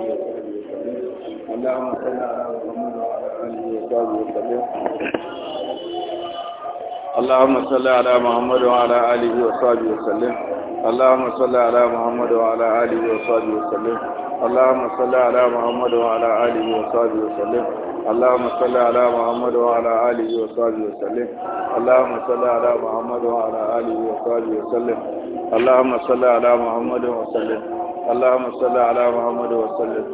اللهم صل على محمد وعلى اله وصحبه وسلم اللهم صل على محمد وعلى اله وصحبه وسلم اللهم صل على محمد وعلى اله وصحبه وسلم اللهم صل على محمد وعلى اله وصحبه وسلم اللهم صل على محمد وعلى اله وصحبه وسلم اللهم صل على محمد وعلى اله وصحبه وسلم اللهم صل على محمد وسلم اللهم صل على محمد وسلم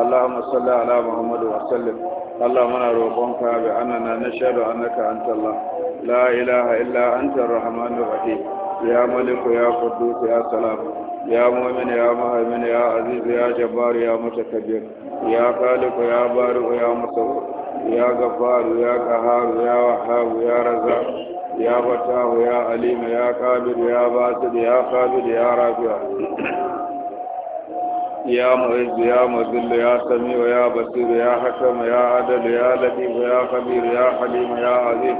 اللهم صل على محمد وسلم اللهم انا روقك باننا نشهد انك انت الله لا اله الا انت الرحمن الرحيم يا ملك يا قدوس يا سلام يا مؤمن يا مهيمن يا عزيز يا جبار يا متكبر يا خالق يا بارئ يا مصور يا غفار يا قهار يا وهاب يا رزاق يا فتاه يا عليم يا قابل يا باسط يا خالد يا رافع يا معز يا مذل يا سميع يا بصير يا حكم يا عدل يا لطيف يا خبير يا حليم يا عظيم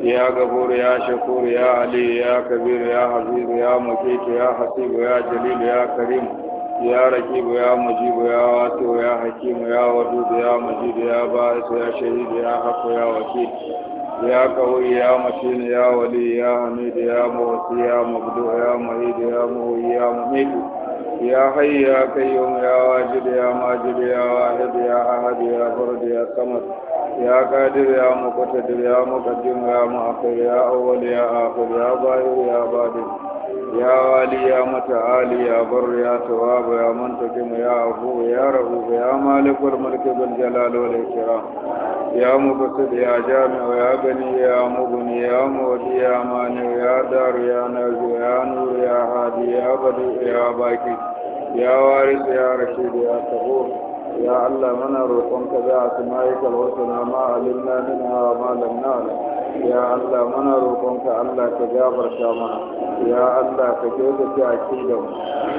يا غفور يا شكور يا علي يا كبير يا حفيظ يا مقيت يا حسيب يا جليل يا كريم يا رقيب يا مجيب يا واسع يا حكيم يا ودود يا مجيد يا باعث يا شهيد يا حق يا وكيل يا قوي يا متين يا ولي يا حميد يا موسي يا مبدوع يا مهيد يا مهي يا مميت يا حي يا قيوم يا واجد يا ماجد يا واحد يا أحد يا فرد يا صمد يا قادر يا مقتدر يا مقدم يا مؤخر يا أول يا آخر يا ظاهر يا بادر يا والي يا متعالي يا بر يا تواب يا منتقم يا عفو يا رؤوف يا مالك والملك بالجلال والإكرام يا مبسط يا جامع يا بني يا مغني يا مودي يا مانع يا دار يا نازع يا نور يا هادي يا بدو يا باكي يا وارث يا رشيد يا صبور يا الله منا كذا سمائك الحسنى ما علمنا منها وما لم نعلم ya Allah muna roƙonka Allah ka gafarta mana ya Allah ka a kidan.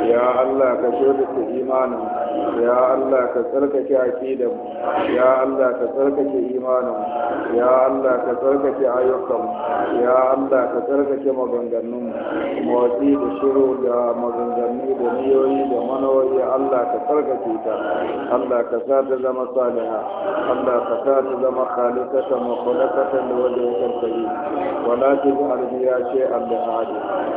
ya Allah ka kyautata imanin ya Allah ka tsarkake kidan. ya Allah ka tsarkake imanin ya Allah ka tsarkake ayyukan ya Allah ka tsarkake maganganun motsi da shiru da maganganu da niyoyi da manoyi Allah ka tsarkake ta Allah ka sa ta zama saliha Allah ka sa ta zama khalisatan wa khulaqatan da wajhaka tausayi wala tuj'al al'adu shay'an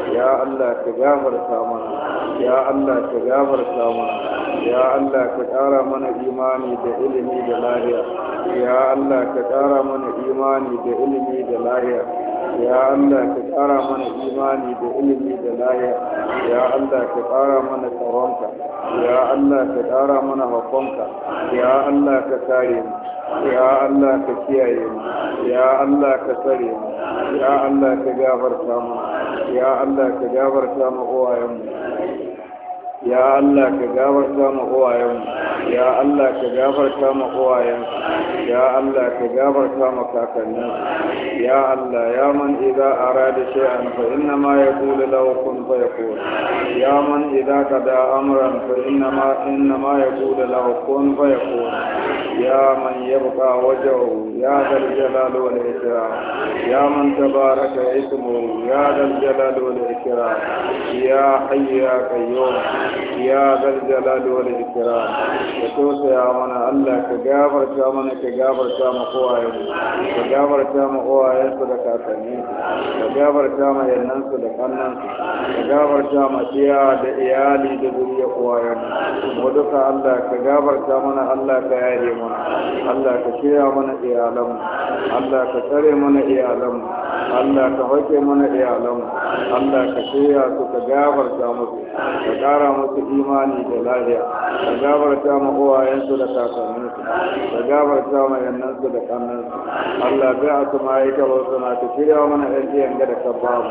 li ya Allah ka gafarta mana ya Allah ka gafarta mana ya Allah ka ƙara mana imani da ilimi da lahiya ya Allah ka ƙara mana imani da ilimi da lahiya ya Allah ka ƙara mana imani da ilimi da lahiya ya Allah ka mana tsaronka ya Allah ka ƙara mana hakonka ya Allah ka kare mu ya Allah ka kiyaye mu ya Allah ka tsare mu ya Allah ka gafarta mu ya Allah ka gafarta mu uwayen mu ya Allah ka gafarta mu uwayen ya Allah ka gafarta mu uwayen ya Allah ka gafarta mu kakannin ya Allah ya man idza arada shay'an fa inna ma yaqulu lahu kun fayakun ya man idza qada amran fa inna ma inna ma yaqulu lahu kun fayakun ya man yabqa wajhahu يا ذا الجلال والإكرام يا من تبارك اسمه يا ذا الجلال والإكرام يا حي يا قيوم يا ذا الجلال والإكرام يتوسع يا من الله كجابر شامن كجابر شام قوائم كجابر شام قوائم سلك أسنين كجابر شام ينن سلك أنن كجابر شام أشياء دئيالي دبري قوائم ودك الله كجابر شامن الله كأيدي من الله كشيا من إياه iyalanmu Allah ka tsare mana iyalanmu Allah ka hake mana iyalanmu Allah ka shirya su ka musu ka ƙara musu imani da lafiya ka gafarta ma uwayensu da kakanninsu ka gafarta ma yannansu da kannansu Allah bai a sama yi ka bauta na ka shirya mana ɗan iyan da ka ba mu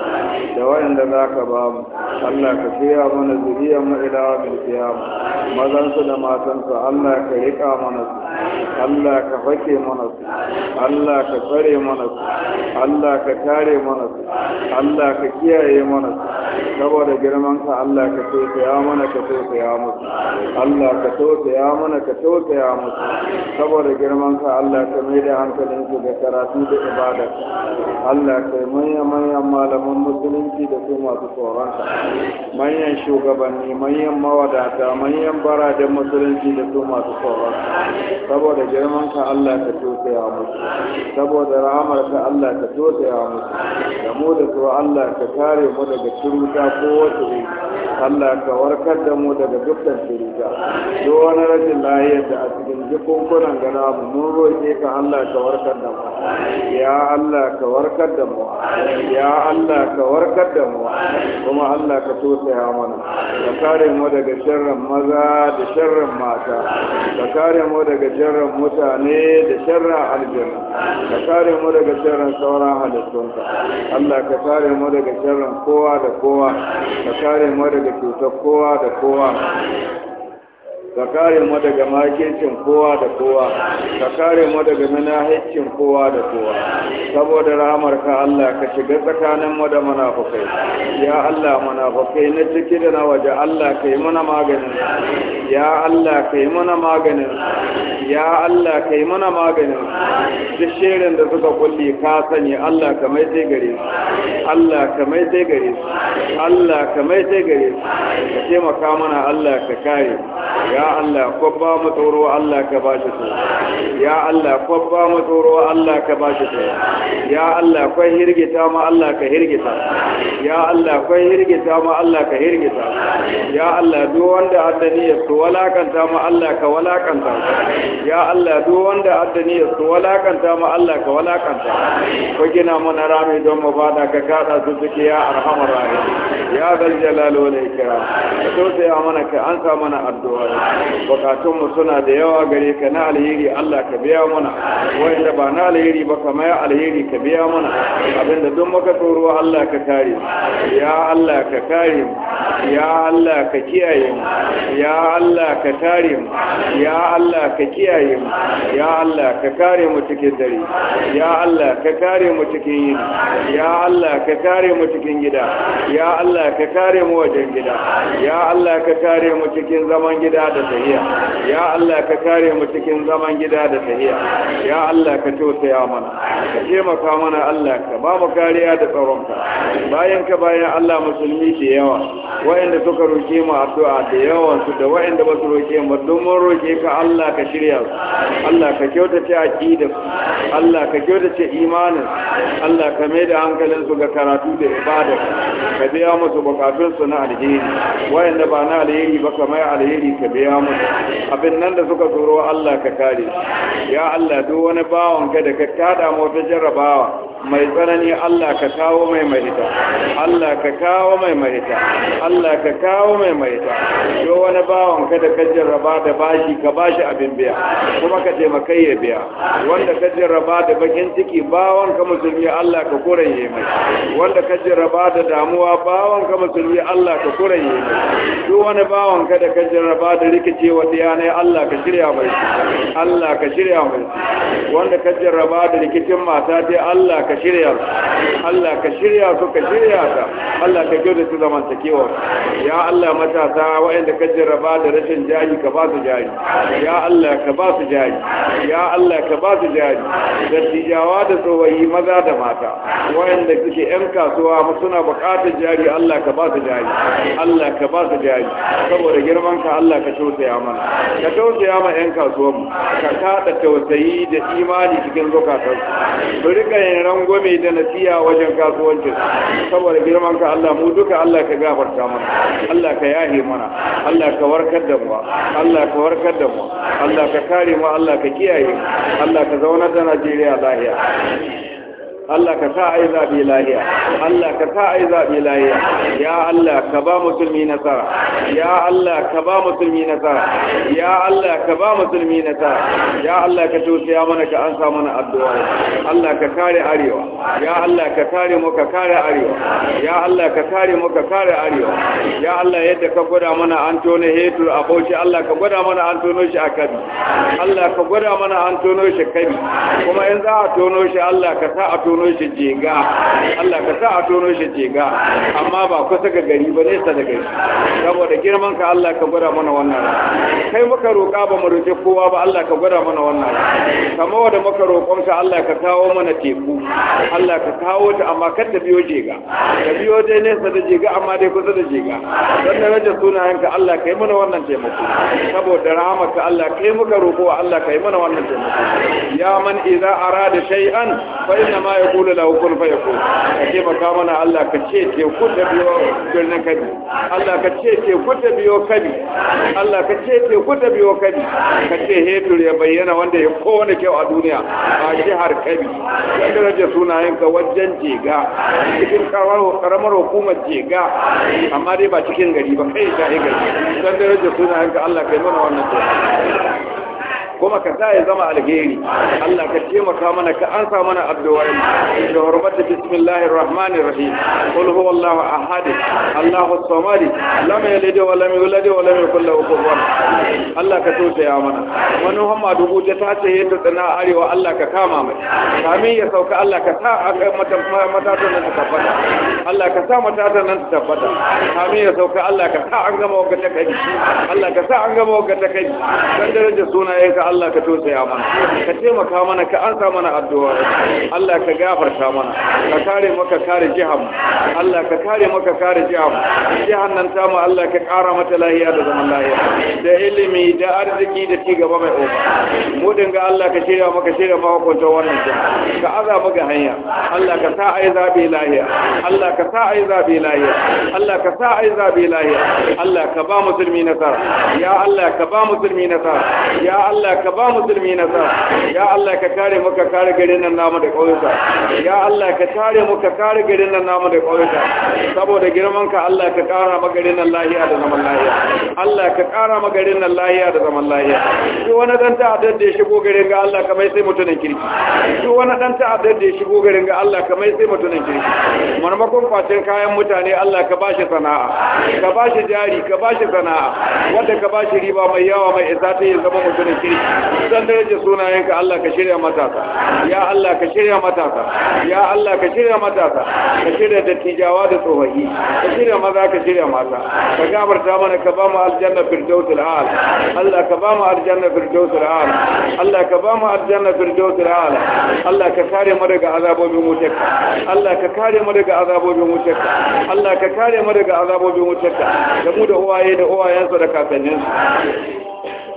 da wayanda za ka ba mu Allah ka shirya mana zuriyar mu mai mil mazansu da matansu Allah ka riƙa mana su Allah ka fake mana su Allah ka tsare mana su Allah ka kare mana su Allah ka kiyaye mana su saboda girman ka Allah ka tausaya mana ka tausaya musu Allah ka tausaya mana ka tausaya musu saboda girman ka Allah ka mai da hankalin su ga karatu da ibada Allah ka manya manyan malaman musulunci da su masu tsoron ka manyan shugabanni manyan mawadata manyan bara da musulunci da su masu tsoron ka. saboda girman ka Allah ka tausaya musu saboda rahamar ka Allah ka tosaya musu da mu da su Allah ka kare mu daga ciruta ko wasu ne Allah ka warkar da mu daga dukkan ciruta duk wani rashin lahiyar da a cikin jikunkunan gana mu mun roƙe ka Allah ka warkar da mu ya Allah ka warkar da mu ya Allah ka warkar da mu kuma Allah ka tosaya mana ka kare mu daga sharrin maza da sharrin mata ka kare mu daga sharrin mutane da sharrin aljanna ka kare mu daga sharrin sauran halittunka Allah ka kare mu daga shirin kowa da kowa ka kare mu daga cutar kowa da kowa ka kare mu daga makincin kowa da kowa ka kare mu daga manahicin kowa da kowa saboda rahmar ka Allah ka shiga tsakanin mu da munafikai ya Allah munafikai na ciki da na waje Allah kai mana maganin ya Allah kai mana maganin ya Allah kai mana maganin duk shirin da suka kulli ka sani Allah ka mai sai gare su Allah ka mai sai gare su Allah ka mai sai gare su ka taimaka mana Allah ka kare ya Allah kwabba mu tsoro Allah ka ba shi tsoro ya Allah kwabba mu tsoro Allah ka ba shi tsoro ya Allah kwai hirgita mu Allah ka hirgita ya Allah kai hirgita mu Allah ka hirgita ya Allah duk wanda ya su walakanta mu Allah ka walakanta ya Allah duk wanda ya su walakanta mu Allah ka walakanta ko gina mana rami don mu bada ka kada su suke ya arhamar rahim ya dal jalal wal ikram to sai amana ka an sa mana addu'a bukatun mu suna da yawa gare ka na alheri Allah ka biya mana wanda ba na alheri ba kamar alheri ka biya mana abinda duk muka tsoro Allah ka kare ya Allah ka kare mu ya Allah ka kiyaye mu ya Allah ka tare mu ya Allah ka kiyaye mu ya Allah ka kare mu cikin dare ya Allah ka kare mu cikin yini ya Allah ka kare mu cikin gida ya Allah ka kare mu wajen gida ya Allah ka kare mu cikin zaman gida da tahiya ya Allah ka kare mu cikin zaman gida da tahiya ya Allah ka tausaya mana ka taimaka mana Allah ka ba mu kariya da tsaronka bayan ka bayan Allah musulmi ke yawa Wa'inda suka roke mu addu'a da yawan su da wa'inda ba su roke mu domin roke ka Allah ka shirya su Allah ka kyautace aqidar Allah ka kyautace imanin Allah ka mai da hankalin su ga karatu da ibada ka biya musu bukatun su na alheri Wa'inda ba na alheri ba ka mai alheri ka biya musu abin nan da suka tsoro Allah ka kare ya Allah duk wani bawon ka da ka kada mu ta jarrabawa mai tsanani Allah ka kawo mai mahita Allah ka kawo mai mahita Allah ka kawo mai mahita yo wani bawon ka da ka jarraba da bashi ka bashi abin biya kuma ka taimakai ya biya wanda kajin raba da bakin ciki bawon ka musulmi Allah ka kuraye mai wanda kajin raba da damuwa bawon ka musulmi Allah ka kuraye mai duk wani bawon ka da ka jarraba da rikicewa diyanai Allah ka shirya mai Allah ka shirya mai wanda ka jarraba da rikicin mata ta Allah ka shirya Allah ka shirya su ka shirya ta Allah ka kyauta su zaman kewa. ya Allah matasa waɗanda ka jarraba da rashin jari ka ba su jari ya Allah ka ba su jari ya Allah ka ba su jari dattijawa da tsohayi maza da mata waɗanda suke yan kasuwa suna buƙatar jari Allah ka ba su jari Allah ka ba su jari saboda girman ka Allah ka tausaya mana ka tausaya ma yan kasuwan mu ka kada tausayi da imani cikin zukatar su rika yin rangwame da nasiya wajen kasuwancin saboda girman ka Allah mu duka Allah ka gafarta mana Allah ka yahe mana Allah ka warkar da mu Allah ka warkar da mu Allah ka kare mu Allah ka kiyaye Allah ka zaunar da Najeriya amin Allah ka sa ai zabe lahiya Allah ka sa ai zabe lahiya ya Allah ka ba musulmi nasara ya Allah ka ba musulmi nasara ya Allah ka ba musulmi nasara ya Allah ka tausaya mana ka ansa mana addu'a Allah ka kare arewa ya Allah ka kare mu ka kare arewa ya Allah ka kare mu ka kare arewa ya Allah yadda ka gwada mana an tone hetur a bauchi Allah ka gwada mana an tono shi a kabi Allah ka gwada mana an tono shi kabi kuma in za a tono shi Allah ka sa a tono tono shi jega Allah ka sa a tono shi jega amma ba kusa ga gari ba nesa da gari saboda girman ka Allah ka gwada mana wannan kai muka roƙa ba mu roƙe kowa ba Allah ka gwada mana wannan kama wanda muka roƙon ka Allah ka kawo mana teku Allah ka kawo ta amma kar ta biyo jega ta biyo dai nesa da jega amma dai kusa da jega don darajar sunayenka Allah ka yi mana wannan taimako saboda rahamarka Allah kai muka roƙo Allah ka yi mana wannan taimako ya man idza arada shay'an fa inna ma kula da hukun fa yakun ka ce maka mana Allah ka ce ce ku ta biyo birnin kabi Allah ka ce ce ku ta biyo kabi Allah ka ce ce ku ta biyo kabi ka ce hetur ya bayyana wanda ya kowane kyau a duniya a jihar kabi kan daraja sunayen ka wajen jega cikin karamar hukumar jega amma dai ba cikin gari ba kai ta gari kan daraja sunayen ka Allah kai mana wannan kuma ka sa ya zama alheri Allah ka taimaka mana ka ansa mana addu'o'in da hurmata bismillahir rahmanir rahim qul huwallahu ahad Allahu samad lam yalid wa lam yulad wa lam yakul lahu kufuwan Allah ka tausaya mana wani hamma dubu ta tace yadda tsana arewa Allah ka kama mai kamin ya sauka Allah ka sa mata ta nan ta tabbata Allah ka sa mata ta nan ta tabbata kamin ya sauka Allah ka sa an gama wakata kai Allah ka sa an gama wakata kai dan daraja sunayenka Allah ka tausaya mana ka taimaka mana ka ansa mana addu'a Allah ka gafarta mana ka kare maka kare jiham Allah ka kare maka kare jiham jihan nan ta mu Allah ka kara mata lahiya da zaman lahiya da ilimi da arziki da ci gaba mai oba mu dinga Allah ka shirya maka shirya ma hukunta wannan jiha ka azaba ga hanya Allah ka sa ai zabi lahiya Allah ka sa ai zabi lahiya Allah ka sa ai zabi lahiya Allah ka ba musulmi nasara ya Allah ka ba musulmi nasara ya Allah Allah ka ba musulmi nasara ya Allah ka kare mu ka kare garin nan namu da kauyuka ya Allah ka kare mu ka kare garin nan namu da kauyuka saboda girman ka Allah ka kara ma garin nan lahiya da zaman lahiya Allah ka kara ma garin nan lahiya da zaman lahiya duk wani dan ta'addar da ya shigo garin ga Allah ka mai sai mutunan kirki duk wani dan ta'addar da ya shigo garin ga Allah ka mai sai mutunan kirki marmakon kwacin kayan mutane Allah ka bashi sana'a ka bashi jari ka bashi sana'a wanda ka bashi riba mai yawa mai isa ya zama mutunan kirki san yake sunayenka Allah ka shirya matasa ya Allah ka shirya matasa ya Allah ka shirya matasa ka shirya dattijawa da tsofaffi ka shirya maza ka shirya mata ka gabarta mana ka ba mu aljanna firdausul al Allah ka ba mu aljanna firdausul al Allah ka ba mu aljanna firdausul al Allah ka kare mu daga azabobin wutarka Allah ka kare mu daga azabobin wutarka Allah ka kare mu daga azabobin wutarka da mu da uwaye da uwayensa da kakanninsu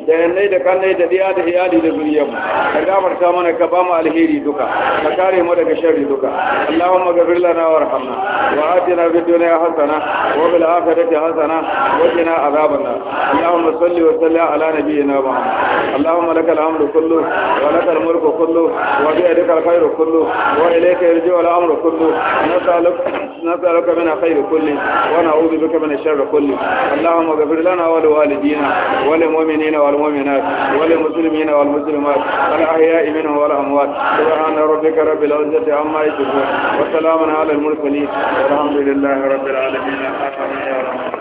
da yannai da kannai da diya da iyali da zuriyar mu ka gafarta mana ka ba mu alheri duka ka kare mu daga sharri duka Allahumma ghfir lana warhamna wa atina fid dunya hasana wa fil akhirati hasana wa qina adhaban nar Allahumma salli wa sallim ala nabiyyina Muhammad Allahumma lakal hamdu kullu wa lakal mulku kullu wa bi yadika al khayru kullu wa ilayka yarji'u al amru kullu nas'aluka nas'aluka min khayri kulli wa na'udhu bika min sharri kulli Allahumma ghfir lana wa li walidina wa lil mu'minina wa والمؤمنات وللمسلمين والمسلمات الأحياء منهم والأموات سبحان ربك رب العزة عما يصفون وسلام على المرسلين والحمد لله رب العالمين آمين يا رب